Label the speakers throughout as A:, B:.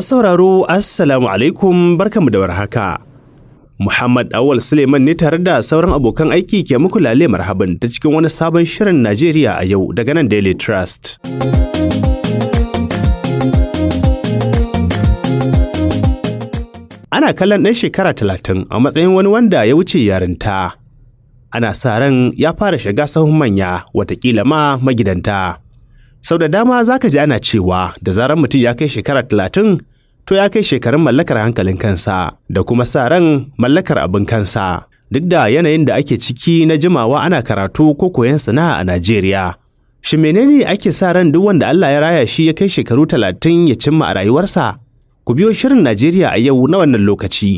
A: Masu sauraro Assalamu alaikum barkanmu da warhaka. Muhammad Awal Suleiman ne tare da sauran abokan aiki ke muku lale marhaban ta cikin wani sabon shirin Najeriya a yau daga nan Daily Trust. Ana kallon ɗan shekara talatin a matsayin wani wanda ya wuce yarinta. Ana sa ran ya fara shiga sahun manya watakila ma magidanta. sau da dama za ka ji ana cewa da zarar mutum ya kai shekara talatin to ya kai shekarun mallakar hankalin kansa da kuma sa ran mallakar abin kansa duk da yanayin da ake ciki na jimawa ana karatu ko koyon sana'a a Najeriya. Shi menene ake sa ran duk wanda Allah ya raya shi ya kai shekaru talatin ya cimma a rayuwarsa? Ku biyo shirin Najeriya a yau na wannan lokaci.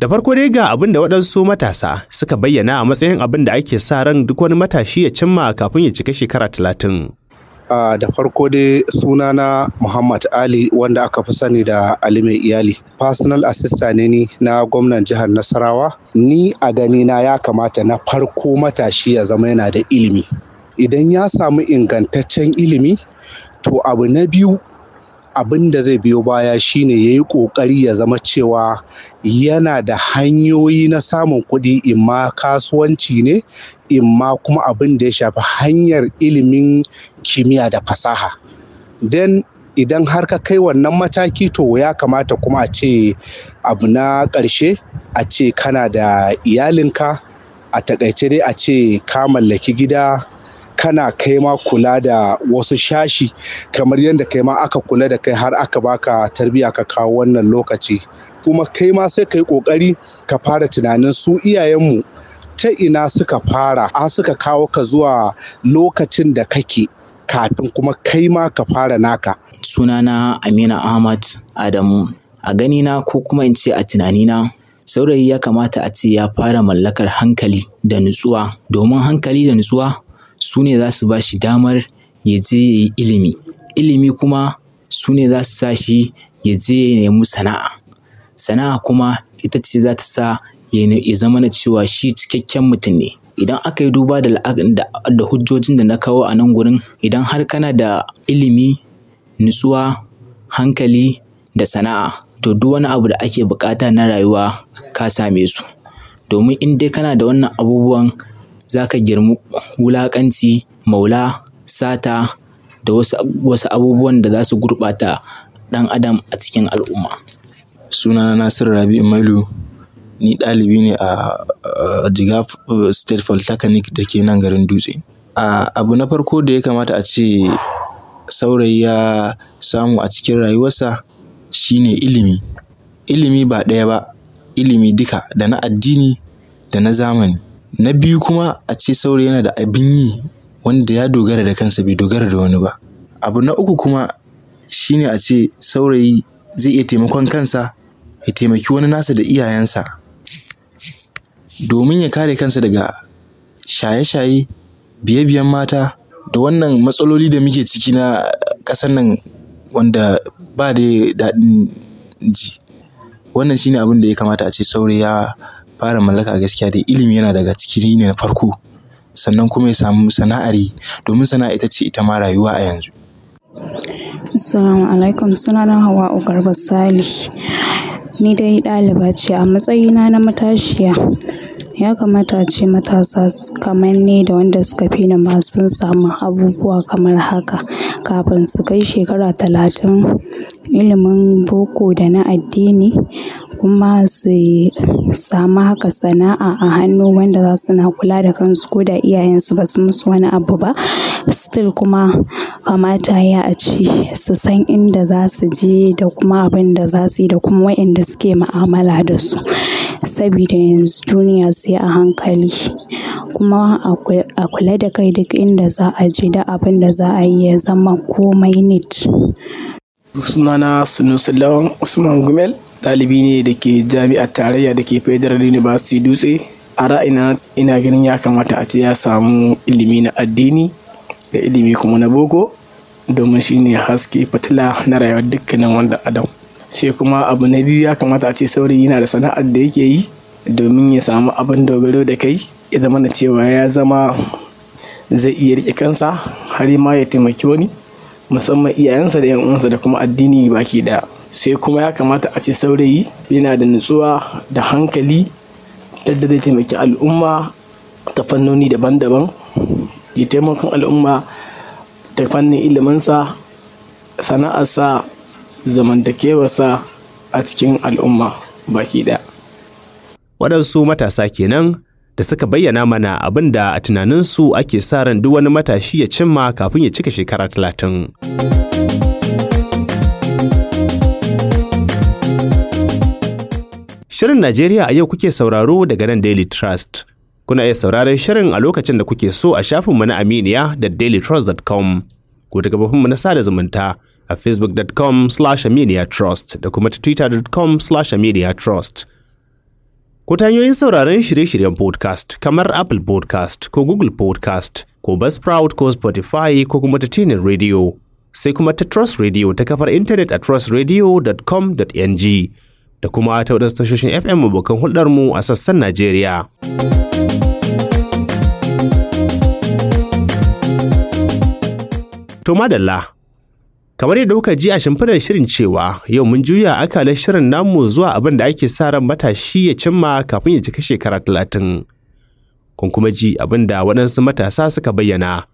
A: Da farko dai ga abin da waɗansu matasa suka bayyana a matsayin abin da ake sa ran duk wani matashi ya cimma kafin ya cika shekara talatin.
B: da farko dai sunana Muhammad Ali wanda aka fi sani da Ali mai iyali. Personal assistant ne ni na gwamnan jihar Nasarawa. Ni a gani na ya kamata na farko matashi ya zama yana da ilimi. Idan ya samu ingantaccen ilimi, to abu na biyu abin da zai biyo baya shine ya yi ƙoƙari ya zama cewa yana da hanyoyi na samun kuɗi imma kasuwanci ne imma kuma abin da ya shafi hanyar ilimin kimiyya da fasaha den idan har ka kai wannan mataki to ya kamata kuma a ce abu na ƙarshe a ce kana da iyalinka a takaice dai a ce ka mallaki gida kana kai ma kula da wasu shashi kamar yadda kai ma aka kula da kai har aka baka tarbiya ka kawo wannan lokaci kuma kai ma sai kai kokari ka fara tunanin su iyayenmu ta ina suka fara a suka kawo ka zuwa lokacin da kake kafin kuma kai ma ka fara naka
C: sunana amina ahmad adamu a ganina ko kuma in ce a tunanina saurayi ya kamata a ce ya fara mallakar hankali da nutsuwa domin hankali da nutsuwa su ne za su ba shi damar ya je ya yi ilimi ilimi kuma su ne za su sa shi ya je ya nemi sana'a sana'a kuma ita ce za ta sa ya zama na cewa shi cikakken mutum ne idan aka yi duba da, da hujjojin da na kawo a nan gurin idan har kana da ilimi nutsuwa hankali da sana'a to duk wani abu da ake bukata na rayuwa ka same su domin in dai kana da wannan abubuwan za ka girmi wulaƙanci, maula, sata da wasu abubuwan da za su gurɓata ɗan adam a cikin al'umma. Sunana Nasiru rabi Mailu, ni ɗalibi ne a jiga uh, State Polytechnic da ke nan garin Dutse. Abu na farko da ya kamata a ce saurayi ya samu a cikin rayuwarsa shine ilimi. Ilimi ba ɗaya ba, ilimi duka da na addini da na zamani. Na biyu kuma a ce saurayi yana da abin yi wanda ya dogara da kansa bai dogara da wani ba. Abu na uku kuma shine a ce saurayi zai iya taimakon kansa ya taimaki wani nasa da iyayensa domin ya kare kansa daga shaye-shaye, biye-biyen mata da wannan matsaloli da muke ciki na ƙasan nan wanda ba dai daɗin ji. Wannan shine abin da ya kamata a ce saurayi ya fara mallaka gaskiya dai ilimi yana daga ciki ne na farko. Sannan kuma ya samu sana'ar domin sana'a ita ce ita ma rayuwa a yanzu. Assalamu alaikum. Sunana hawa Garba sali Ni dai ɗaliba ce a matsayina na matashiya. Ya kamata ce matasa kamar ne da wanda suka fi ni masu samu abubuwa kamar haka kafin su kai shekara talatin. Ilimin boko da na addini kuma su samu haka sana'a a hannu wanda za su na kula da kansu ko da iyayensu ba su musu wani abu ba still kuma kamata ya a ci su san inda za su je da kuma abin da za su yi da kuma waɗanda suke ma'amala da su sabida yanzu duniya sai a hankali kuma a kula da kai duk inda za a je da abin da za a yi ya zama komai nit sunana sunusulawan Usman Gumel ɗalibi ne da ke jami'ar tarayya da ke federal university dutse a ra'ina ina ganin ya kamata a ce ya samu ilimi na addini da ilimi kuma na boko domin shine haske fitila na rayuwar dukkanin wanda adam sai kuma abu na biyu ya kamata a ce sauri yana da sana'ar da yake yi domin ya samu abin dogaro da kai ya zama na cewa ya zama zai iya riƙe kansa har ma ya taimaki wani musamman iyayensa da yan uwansa da kuma addini baki daya sai kuma ya kamata a ce saurayi yana da nutsuwa da hankali da zai taimaki al'umma ta fannoni daban-daban ya taimakon al'umma ta fannin iliminsa sana'arsa zamantakewarsa a cikin al'umma baki ɗaya.
A: waɗansu matasa kenan da suka bayyana mana abin da a tunaninsu ake sa ran duk wani matashi ya cimma kafin ya cika shekara talatin. Shirin Najeriya a yau kuke sauraro daga nan Daily Trust. Kuna iya sauraron shirin a lokacin da kuke so a shafinmu na Aminiya da dailytrust.com ko ta gabafinmu na sada zumunta a facebook.com slash trust da kuma twitter.com slash trust. Ko ta hanyoyin sauraron shirye-shiryen podcast kamar Apple podcast ko Google podcast ko Buzzsprout ko Spotify ko kuma ta Tinin Radio sai kuma ta Trust Radio ta kafar intanet a trustradio.com.ng. da kuma ta waɗansu tashoshin FM abokan hulɗarmu a sassan Najeriya. To madalla, kamar yadda kuka ji a shimfidar shirin cewa yau mun juya akalar shirin namu zuwa abin da ake sa ran matashi ya cimma kafin ya cika shekara talatin. Kun kuma ji abin da waɗansu matasa suka bayyana.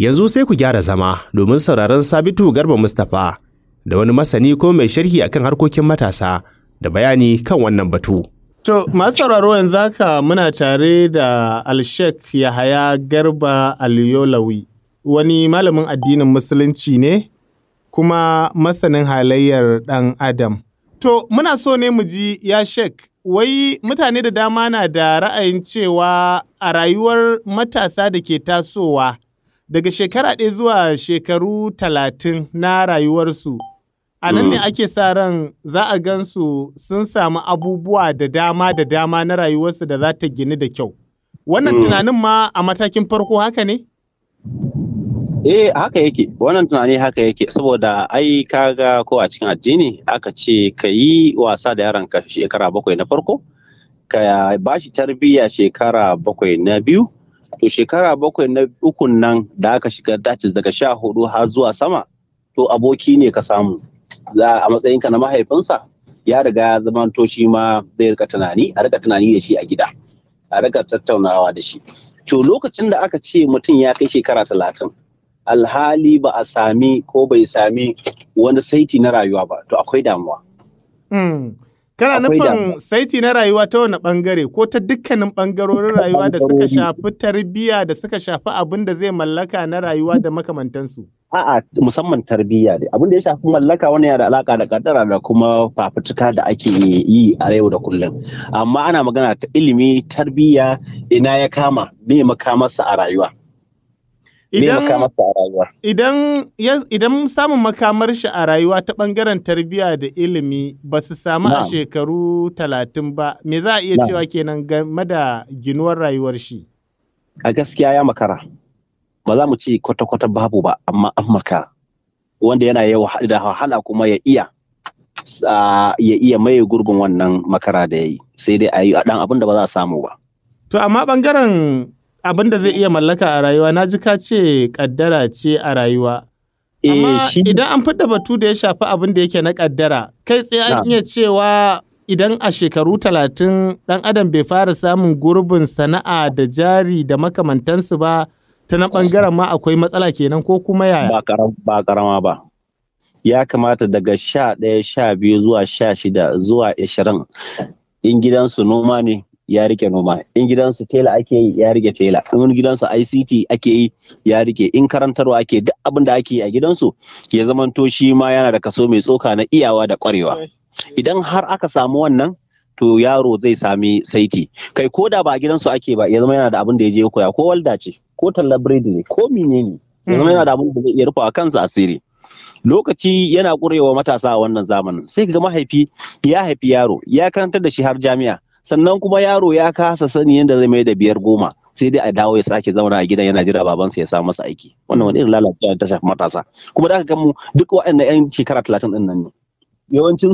A: Yanzu sai ku gyara zama domin sauraron Sabitu Garba Mustapha da wani masani ko mai sharhi akan harkokin matasa da bayani kan wannan batu.
D: To, masu sauraro yanzu haka muna tare da Alshek Yahaya Garba Alyolawi, wani malamin addinin Musulunci ne, kuma masanin halayyar ɗan Adam. To, muna so ne mu ji ya shek, wai mutane da dama na da ra'ayin cewa a rayuwar matasa da ke tasowa, daga shekara ɗaya zuwa shekaru talatin na rayuwarsu. A nan ne mm. ake sa ran za a gansu sun samu abubuwa da dama da dama na rayuwarsu da za ta gini da kyau. Wannan mm. tunanin ma a matakin farko haka ne?
E: Eh haka yake wannan tunani haka yake saboda ai kaga ko a cikin addini aka ce ka yi wasa da yaranka shekara bakwai na farko ka ba shi tarbiyya shekara bakwai na biyu to shekara bakwai na ukun nan da aka shiga daga sha hudu har zuwa sama to aboki ne ka samu za a matsayinka na mahaifinsa ya riga ya to ma zai rika tunani a rika tunani da shi a gida a rika tattaunawa da shi to lokacin da aka ce mutum ya kai shekara talatin alhali ba a sami ko bai sami wani saiti na rayuwa ba to akwai damuwa
D: hmm. Kana nufin saiti na rayuwa ta wani bangare ko ta dukkanin bangarorin rayuwa da suka shafi tarbiyya da suka shafi abin da zai mallaka na rayuwa da makamantansu.
E: A'a musamman tarbiyya ne abin da ya shafi mallaka wani yana da alaka da kadara da kuma fafutuka da ake yi a yau da kullum amma ana magana ta ilimi tarbiyya ina ya kama me makamarsa a rayuwa. Idan
D: samun makamar shi a rayuwa ta ɓangaren tarbiyya da ilimi ba su samu a shekaru talatin ba, me za a iya cewa kenan game da ginuwar rayuwar shi?
E: A gaskiya ya makara, ba za mu ci kwata-kwata babu ba, amma an makara. Wanda yana yawa da wahala kuma ya iya ya iya maye gurbin wannan makara da ya yi, sai dai a yi a ɗan abin da ba za a samu ba.
D: To amma ɓangaren abin da zai iya mallaka a rayuwa na ji ka ce kaddara ce a rayuwa. Eh, Amma idan an fi batu da ya shafi abin da yake na kaddara, kai tsaye an iya cewa idan a shekaru talatin ɗan adam bai fara samun gurbin sana'a da jari da makamantansu ba ta na ɓangaren ma akwai matsala kenan ko kuma yaya?
E: Ba karama ba. Ya kamata daga sha ɗaya sha biyu zuwa sha shida zuwa ashirin in gidansu noma ne ya rike noma in gidansu tela ake yi ya rike tela in gidansu ICT ake yi ya rike in karantarwa ake duk abin da ake yi a gidansu ya zamanto shi ma yana da kaso mai tsoka na iyawa da kwarewa idan har aka samu wannan to yaro zai sami saiti kai ko da ba gidansu ake ba ya zama yana da abin da ya je koya ko walda ce ko talla biredi ne ko ne ya zama yana da abin da zai iya rufawa kansa asiri lokaci yana kurewa matasa a wannan zamanin sai ga mahaifi ya haifi yaro ya karantar da shi har jami'a sannan kuma yaro ya kasa sani yadda zai mai da biyar goma sai dai a dawo ya sake zauna a gidan yana jira babansa ya sa masa aiki wannan wani irin lalacewa ta shafi matasa kuma da aka mu duk waɗannan yan shekara talatin ɗin nan ne yawancin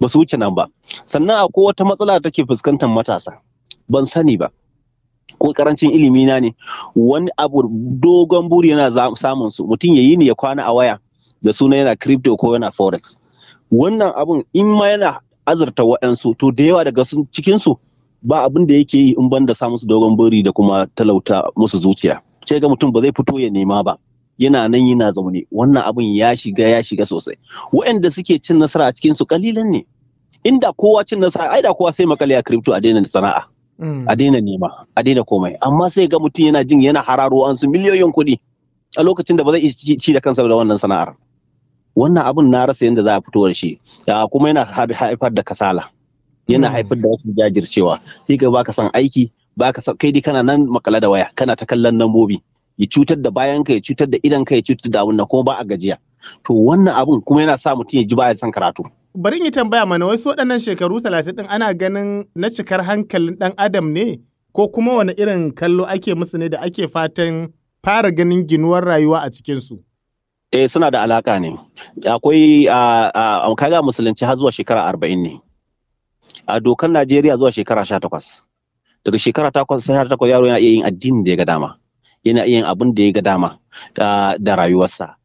E: ba su wuce nan ba sannan akwai wata matsala da take fuskantar matasa ban sani ba ko karancin ilimi na ne wani abu dogon buri yana samun su mutum ya yi ne ya kwana a waya da suna yana crypto ko yana forex wannan abun in ma yana azurta waɗansu to da yawa daga cikinsu ba abin da yake yi in ban da samu su dogon buri da kuma talauta musu zuciya sai ga mutum ba zai fito ya nema ba yana nan yana zaune wannan abin ya shiga ya shiga sosai waɗanda suke cin nasara a cikin su kalilan ne inda kowa cin nasara ai da kowa sai makale a crypto a daina sana'a mm. a daina nema a daina komai amma sai ga mutum yana jin yana hararo an su miliyoyin kuɗi a lokacin da ba zai ci da kansa da wannan sana'ar wannan abun na rasa yadda za a fito da shi kuma yana haifar da kasala yana hmm. haifar da rashin jajircewa sai ka baka son aiki baka san kai dai kana nan makala da waya kana ta kallon lambobi ya cutar da bayan ka ya cutar da idan ka ya cutar da abun kuma ba a gajiya to wannan abun kuma yana sa mutum ya ji baya san karatu
D: bari in yi tambaya mana wasu waɗannan shekaru talatin ɗin ana ganin na cikar hankalin ɗan adam ne ko kuma wani irin kallo ake musu ne da ake fatan fara ganin ginuwar rayuwa a cikinsu.
E: Eh suna da alaka ne. Akwai a kaga musulunci har zuwa shekara arba'in ne. A dokar Najeriya zuwa shekara sha takwas. Daga shekara takwas takwas yaro yana iya yin addinin da ya ga dama. Yana iya yin abin da ya ga dama da rayuwarsa.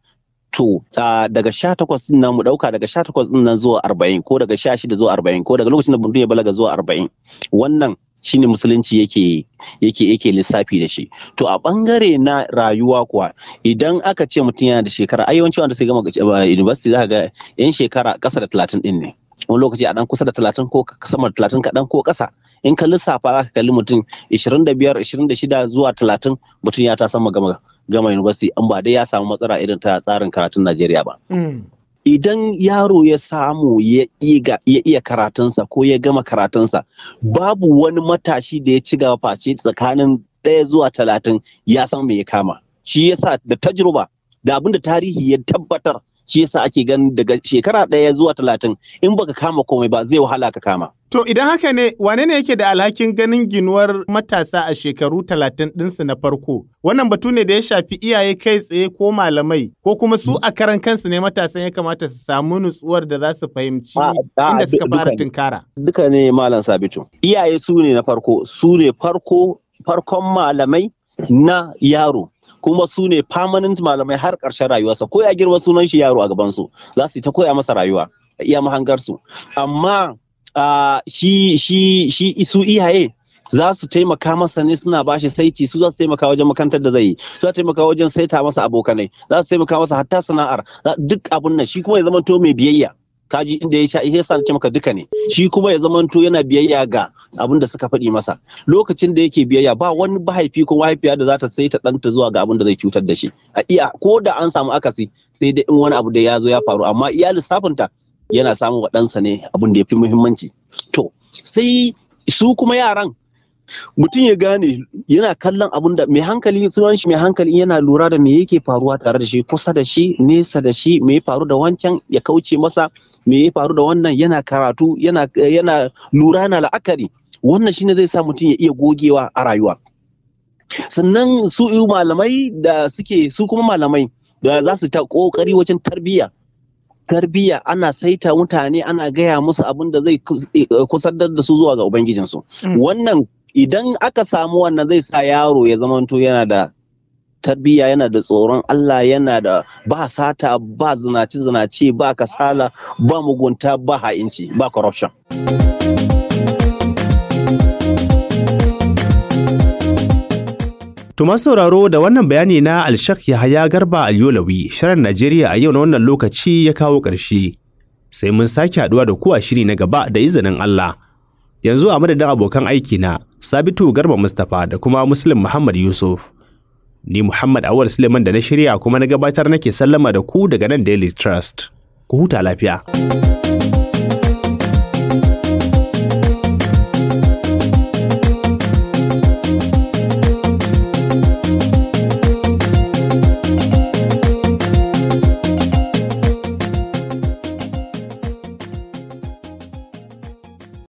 E: To daga sha takwas din nan mu dauka daga sha takwas din nan zuwa arba'in ko daga sha shida zuwa arba'in ko daga lokacin da mutum ya balaga zuwa arba'in. Wannan shine musulunci yake yake yake lissafi da shi to a bangare na rayuwa kuwa idan aka ce mutum yana da shekara ai yawanci wanda sai gama university zaka ga yan shekara kasa da talatin din ne wani lokaci a dan kusa da talatin ko sama da talatin kaɗan ko ƙasa in ka lissafa zaka kalli mutum 25 26 zuwa 30 mutum ya ta sama gama gama university an ba dai ya samu matsala irin ta tsarin karatun Najeriya ba. Mm. Idan yaro ya samu ya iya karatunsa ko ya gama karatunsa, babu wani matashi da ya ci gaba face tsakanin ɗaya zuwa talatin ya san me ya kama. Shi yasa da tajruba da abin da tarihi ya tabbatar shi yasa ake ganin daga shekara ɗaya zuwa talatin in baka kama komai ba zai wahala ka kama.
D: To idan haka ne wane ne yake da alhakin ganin ginuwar matasa a shekaru talatin ɗinsu na farko? Wannan batu ne da ya shafi iyaye kai tsaye ko malamai ko kuma su a karan kansu ne matasan ya kamata su samu nutsuwar da za su fahimci inda suka fara tunkara.
E: Duka ne malam Sabitu. Iyaye su ne na farko, su ne farko farkon malamai na yaro kuma su ne permanent malamai har ƙarshen rayuwarsa ko ya girma sunan shi yaro a gabansu za su yi ta koya masa rayuwa iya mahangarsu amma shi su iyaye za su taimaka masa ne suna ba shi saiti su za su taimaka wajen makantar da zai yi su za su taimaka wajen saita masa abokanai za su taimaka masa hatta sana'ar duk abun nan shi kuma ya zama to mai biyayya kaji inda ya sha ya sa ce maka duka ne shi kuma ya zamanto yana biyayya ga abin da suka faɗi masa lokacin da yake biyayya ba wani mahaifi ko mahaifiya da za ta sai ta ɗanta zuwa ga abin da zai cutar da shi a iya ko da an samu akasi sai dai in wani abu da ya zo ya faru amma iya lissafinta yana samun wa ɗansa ne abin da ya fi muhimmanci to sai su kuma yaran mutum ya gane yana kallon abun da mai hankali tunanin shi mai hankali yana lura da me yake faruwa tare da shi kusa da shi nesa da shi me ya faru da wancan ya kauce masa me ya faru da wannan yana karatu yana yana lura na la'akari wannan shine zai sa mutum ya iya gogewa a rayuwa sannan su malamai da suke su kuma malamai da za su ta kokari wajen tarbiyya tarbiyya ana saita mutane ana gaya musu abin da zai eh, kusantar da su zuwa ga ubangijinsu mm. wannan idan aka samu wannan zai sa yaro ya zamanto yana da tarbiyya yana da tsoron Allah yana da ba sata ba zinaci zinaci ba kasala ba mugunta ba ha'inci ba corruption
A: Tuma sauraro da wannan bayani na Alshak Yahaya Garba Alyolawi, shirin Najeriya a yau na wannan lokaci ya kawo ƙarshe. Sai mun sake haɗuwa da kuwa shiri na gaba da izinin Allah. Yanzu a madadin abokan aiki na Sabitu Garba Mustapha da kuma Muslim Muhammad Yusuf. Ni Muhammad Awal Suleiman da na shirya kuma na gabatar nake sallama da ku daga nan Daily Trust. Ku huta lafiya.